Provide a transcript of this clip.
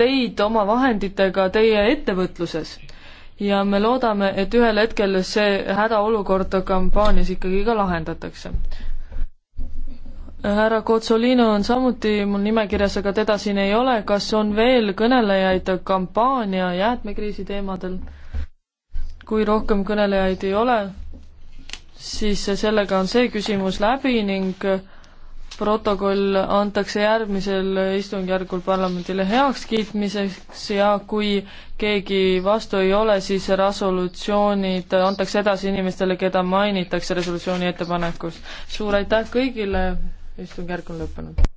teid oma vahenditega teie ettevõtluses. ja me loodame, et ühel hetkel see hädaolukord kampaanias ikkagi ka lahendatakse. härra Kotsolino on samuti mul nimekirjas, aga teda siin ei ole, kas on veel kõnelejaid kampaania jäätmekriisi teemadel? kui rohkem kõnelejaid ei ole, siis sellega on see küsimus läbi ning protokoll antakse järgmisel istungjärgul parlamendile heakskiitmiseks ja kui keegi vastu ei ole, siis resolutsioonid antakse edasi inimestele, keda mainitakse resolutsiooni ettepanekus. suur aitäh kõigile, istungjärk on lõppenud.